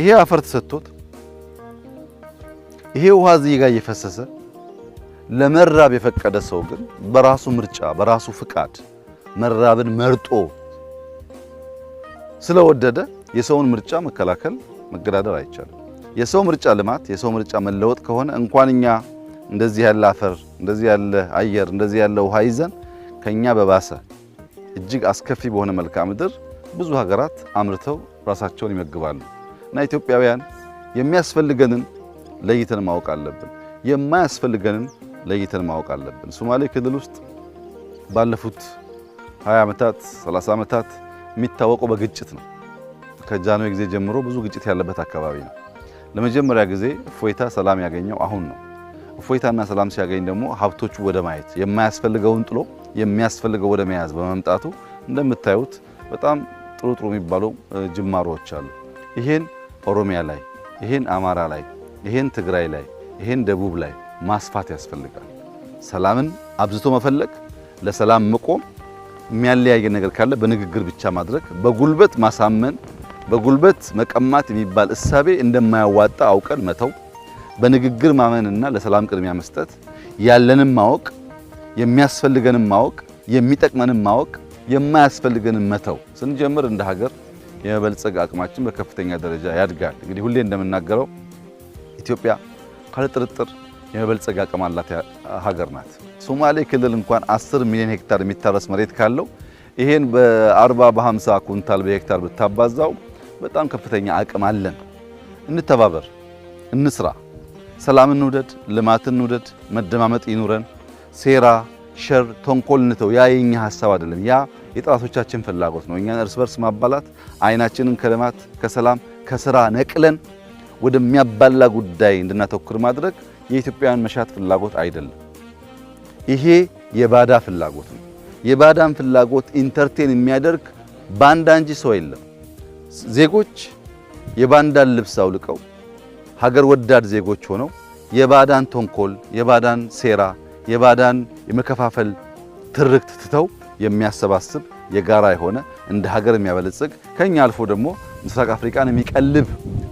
ይሄ አፈር ተሰጥቶት ይሄ ውሃ እዚህ ጋር እየፈሰሰ ለመራብ የፈቀደ ሰው ግን በራሱ ምርጫ በራሱ ፍቃድ መራብን መርጦ ስለወደደ የሰውን ምርጫ መከላከል መገዳደር አይቻልም። የሰው ምርጫ ልማት፣ የሰው ምርጫ መለወጥ ከሆነ እንኳን እኛ እንደዚህ ያለ አፈር፣ እንደዚህ ያለ አየር፣ እንደዚህ ያለ ውሃ ይዘን ከኛ በባሰ እጅግ አስከፊ በሆነ መልክዓ ምድር ብዙ ሀገራት አምርተው ራሳቸውን ይመግባሉ። እና ኢትዮጵያውያን የሚያስፈልገንን ለይተን ማወቅ አለብን፣ የማያስፈልገንን ለይተን ማወቅ አለብን። ሶማሌ ክልል ውስጥ ባለፉት 20 ዓመታት 30 ዓመታት የሚታወቀው በግጭት ነው። ከጃንሆይ ጊዜ ጀምሮ ብዙ ግጭት ያለበት አካባቢ ነው። ለመጀመሪያ ጊዜ እፎይታ ሰላም ያገኘው አሁን ነው። እፎይታና ሰላም ሲያገኝ ደግሞ ሀብቶቹ ወደ ማየት የማያስፈልገውን ጥሎ የሚያስፈልገው ወደ መያዝ በመምጣቱ እንደምታዩት በጣም ጥሩ ጥሩ የሚባሉ ጅማሮዎች አሉ። ይሄን ኦሮሚያ ላይ ይሄን አማራ ላይ ይሄን ትግራይ ላይ ይሄን ደቡብ ላይ ማስፋት ያስፈልጋል። ሰላምን አብዝቶ መፈለግ፣ ለሰላም መቆም፣ የሚያለያየ ነገር ካለ በንግግር ብቻ ማድረግ፣ በጉልበት ማሳመን፣ በጉልበት መቀማት የሚባል እሳቤ እንደማያዋጣ አውቀን መተው፣ በንግግር ማመንና ለሰላም ቅድሚያ መስጠት፣ ያለንም ማወቅ፣ የሚያስፈልገንም ማወቅ፣ የሚጠቅመንም ማወቅ፣ የማያስፈልገንም መተው ስንጀምር እንደ ሀገር የመበልጸግ አቅማችን በከፍተኛ ደረጃ ያድጋል። እንግዲህ ሁሌ እንደምናገረው ኢትዮጵያ ካለ ጥርጥር የመበልጸግ አቅም አላት ሀገር ናት። ሶማሌ ክልል እንኳን 10 ሚሊዮን ሄክታር የሚታረስ መሬት ካለው ይሄን በ40 በ50 ኩንታል በሄክታር ብታባዛው በጣም ከፍተኛ አቅም አለን። እንተባበር፣ እንስራ፣ ሰላም እንውደድ፣ ልማትን እንውደድ፣ መደማመጥ ይኑረን። ሴራ፣ ሸር፣ ተንኮል እንተው። ያ የኛ ሀሳብ አይደለም። ያ የጠላቶቻችን ፍላጎት ነው። እኛን እርስ በርስ ማባላት፣ አይናችንን ከልማት ከሰላም ከስራ ነቅለን ወደሚያባላ ጉዳይ እንድናተኩር ማድረግ የኢትዮጵያውያን መሻት ፍላጎት አይደለም። ይሄ የባዳ ፍላጎት ነው። የባዳን ፍላጎት ኢንተርቴን የሚያደርግ ባንዳ እንጂ ሰው የለም። ዜጎች የባንዳን ልብስ አውልቀው ሀገር ወዳድ ዜጎች ሆነው የባዳን ተንኮል፣ የባዳን ሴራ፣ የባዳን የመከፋፈል ትርክት ትተው የሚያሰባስብ የጋራ የሆነ እንደ ሀገር የሚያበለጽግ ከኛ አልፎ ደግሞ ምስራቅ አፍሪካን የሚቀልብ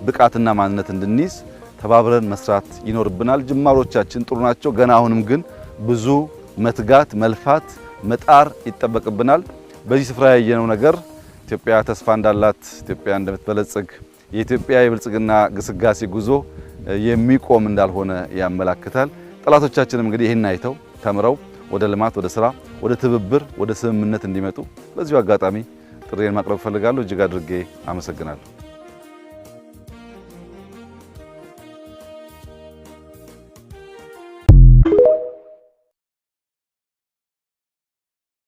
ብቃትና ማንነት እንድንይዝ ተባብረን መስራት ይኖርብናል። ጅማሮቻችን ጥሩ ናቸው። ገና አሁንም ግን ብዙ መትጋት፣ መልፋት፣ መጣር ይጠበቅብናል። በዚህ ስፍራ ያየነው ነገር ኢትዮጵያ ተስፋ እንዳላት፣ ኢትዮጵያ እንደምትበለጽግ፣ የኢትዮጵያ የብልጽግና ግስጋሴ ጉዞ የሚቆም እንዳልሆነ ያመላክታል። ጠላቶቻችንም እንግዲህ ይህን አይተው ተምረው ወደ ልማት ወደ ስራ ወደ ትብብር፣ ወደ ስምምነት እንዲመጡ በዚሁ አጋጣሚ ጥሬን ማቅረብ እፈልጋለሁ። እጅግ አድርጌ አመሰግናለሁ።